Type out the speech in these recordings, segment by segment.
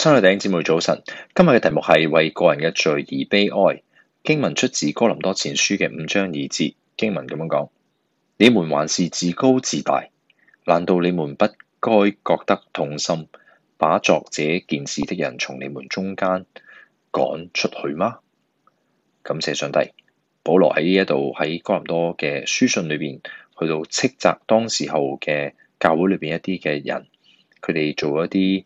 親愛的弟兄姊妹早晨，今日嘅題目係為個人嘅罪而悲哀。經文出自哥林多前書嘅五章二節，經文咁樣講：你們還是自高自大，難道你們不該覺得痛心，把作這件事的人從你們中間趕出去嗎？感謝上帝，保羅喺呢一度喺哥林多嘅書信裏邊，去到斥責當時候嘅教會裏邊一啲嘅人，佢哋做一啲。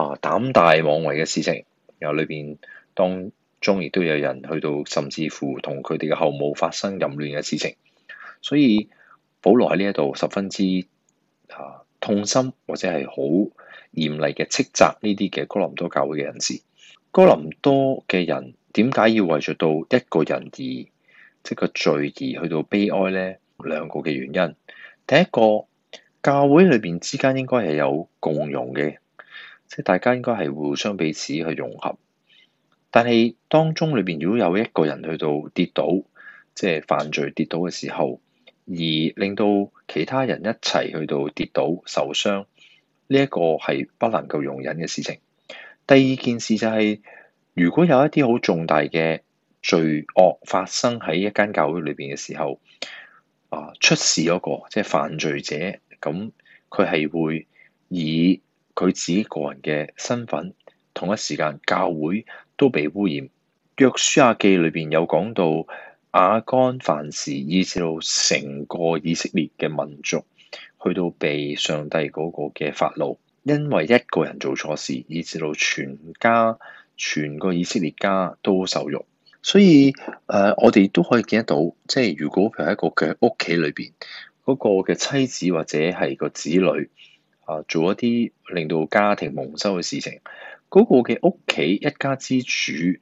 啊！膽大妄為嘅事情，然後裏邊當中亦都有人去到，甚至乎同佢哋嘅後母發生淫亂嘅事情，所以保羅喺呢一度十分之啊痛心，或者係好嚴厲嘅斥責呢啲嘅哥林多教會嘅人士。哥林多嘅人點解要為著到一個人而即個罪而去到悲哀咧？兩個嘅原因，第一個教會裏邊之間應該係有共融嘅。即係大家應該係互相彼此去融合，但係當中裏邊如果有一個人去到跌倒，即係犯罪跌倒嘅時候，而令到其他人一齊去到跌倒受傷，呢一個係不能夠容忍嘅事情。第二件事就係，如果有一啲好重大嘅罪惡發生喺一間教會裏邊嘅時候，啊，出事嗰個即係犯罪者，咁佢係會以。佢自己個人嘅身份，同一時間教會都被污染。約書亞記裏邊有講到亞干犯事，以至到成個以色列嘅民族去到被上帝嗰個嘅發怒，因為一個人做錯事，以至到全家、全個以色列家都受辱。所以誒、呃，我哋都可以見得到，即係如果譬如一個嘅屋企裏邊嗰、那個嘅妻子或者係個子女。啊！做一啲令到家庭蒙羞嘅事情，嗰、那個嘅屋企一家之主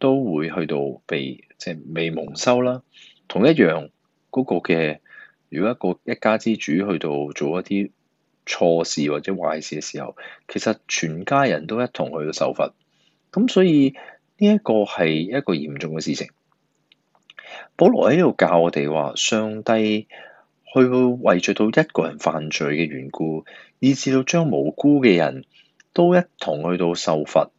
都會去到被即係、就是、未蒙羞啦。同一樣，嗰、那個嘅如果一個一家之主去到做一啲錯事或者壞事嘅時候，其實全家人都一同去到受罰。咁所以呢一個係一個嚴重嘅事情。保羅喺度教我哋話，上帝。去到為著到一個人犯罪嘅緣故，以至到將無辜嘅人都一同去到受罰。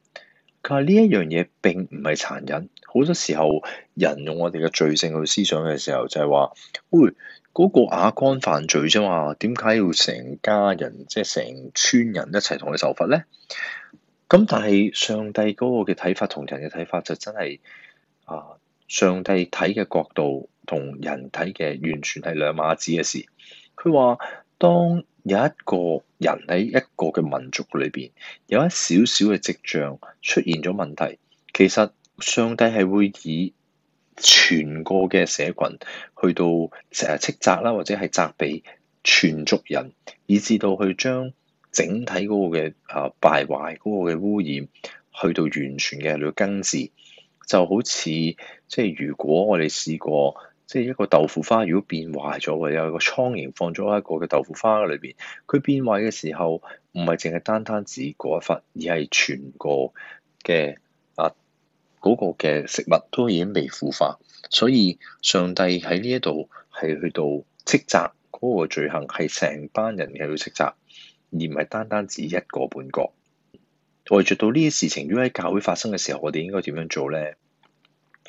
但係呢一樣嘢並唔係殘忍。好多時候，人用我哋嘅罪性去思想嘅時候就，就係話：喂、那、嗰個亞干犯罪啫嘛，點解要成家人即係成村人一齊同佢受罰咧？咁但係上帝嗰個嘅睇法同人嘅睇法就真係啊，上帝睇嘅角度。同人體嘅完全係兩碼子嘅事。佢話：當有一個人喺一個嘅民族裏邊，有一少少嘅跡象出現咗問題，其實上帝係會以全個嘅社群去到誒斥責啦，或者係責備全族人，以致到去將整體嗰個嘅啊敗壞嗰個嘅污染去到完全嘅嚟到根治。就好似即係如果我哋試過。即係一個豆腐花，如果變壞咗，有個蒼蠅放咗一個嘅豆腐花裏邊，佢變壞嘅時候，唔係淨係單單指嗰一忽，而係全個嘅啊嗰嘅、嗰個、食物都已經未腐化。所以上帝喺呢一度係去到斥責嗰個罪行，係成班人嘅去斥責，而唔係單單指一個半個。我哋遇到呢啲事情，如果喺教會發生嘅時候，我哋應該點樣做咧？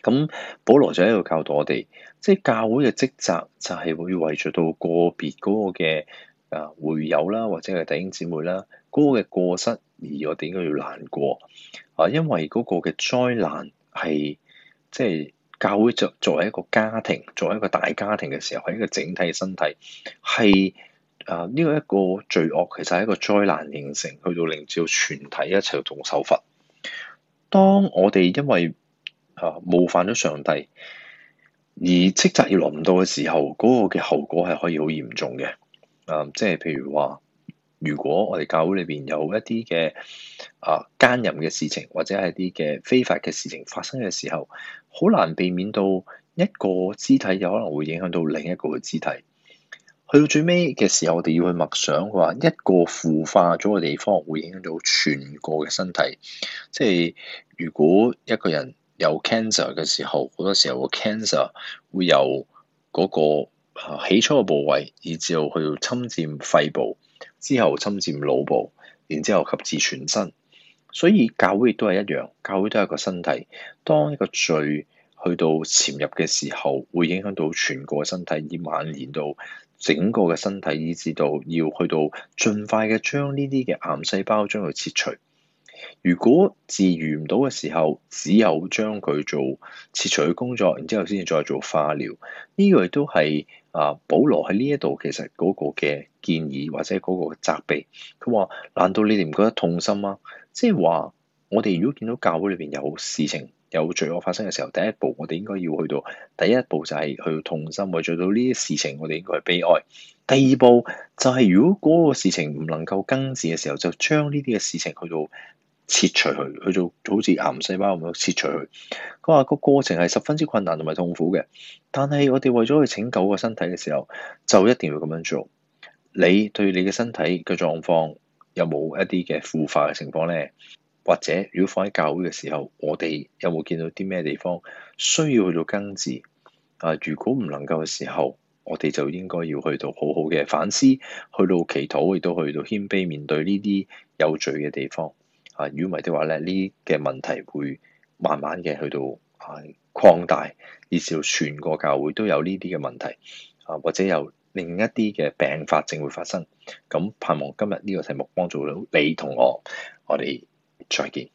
咁，保羅就喺度教導我哋，即係教會嘅職責就係會為著到個別嗰個嘅誒會友啦，或者係弟兄姊妹啦，嗰、那個嘅過失而我哋應該要難過啊，因為嗰個嘅災難係即係教會作作為一個家庭，作為一個大家庭嘅時候，係一個整體嘅身體，係啊呢、這個、一個罪惡其實係一個災難形成，去到令到全體一齊同受罰。當我哋因為。吓、啊、冒犯咗上帝，而斥責要臨到嘅時候，嗰、那個嘅後果係可以好嚴重嘅。啊，即係譬如話，如果我哋教會裏邊有一啲嘅啊奸淫嘅事情，或者係一啲嘅非法嘅事情發生嘅時候，好難避免到一個肢體有可能會影響到另一個嘅肢體。去到最尾嘅時候，我哋要去默想佢話，一個腐化咗嘅地方會影響到全個嘅身體。即係如果一個人。有 cancer 嘅時候，好多時候個 cancer 會由嗰個起初嘅部位，以至去到侵佔肺部，之後侵佔腦部，然之後及至全身。所以教會亦都係一樣，教會都係一個身體。當一個罪去到潛入嘅時候，會影響到全個身體，以蔓延到整個嘅身體，以至到要去到盡快嘅將呢啲嘅癌細胞將佢切除。如果治癒唔到嘅時候，只有將佢做切除嘅工作，然之後先至再做化療。呢個亦都係啊，保羅喺呢一度其實嗰個嘅建議或者嗰個責備，佢話：難道你哋唔覺得痛心嗎？即係話，我哋如果見到教會裏邊有事情有罪惡發生嘅時候，第一步我哋應該要去到第一步就係去痛心，為做到呢啲事情，我哋應該悲哀。第二步就係如果嗰個事情唔能夠根治嘅時候，就將呢啲嘅事情去到。切除佢，佢就好似癌細胞咁樣切除佢。佢話個過程係十分之困難同埋痛苦嘅，但係我哋為咗去拯救個身體嘅時候，就一定要咁樣做。你對你嘅身體嘅狀況有冇一啲嘅腐化嘅情況咧？或者如果放喺教會嘅時候，我哋有冇見到啲咩地方需要去到根治啊？如果唔能夠嘅時候，我哋就應該要去到好好嘅反思，去到祈禱，亦都去到謙卑面對呢啲有罪嘅地方。啊，如果唔係嘅話咧，呢嘅問題會慢慢嘅去到啊擴大，以至到全個教會都有呢啲嘅問題啊，或者有另一啲嘅病發症會發生。咁盼望今日呢個題目幫助到你同我，我哋再見。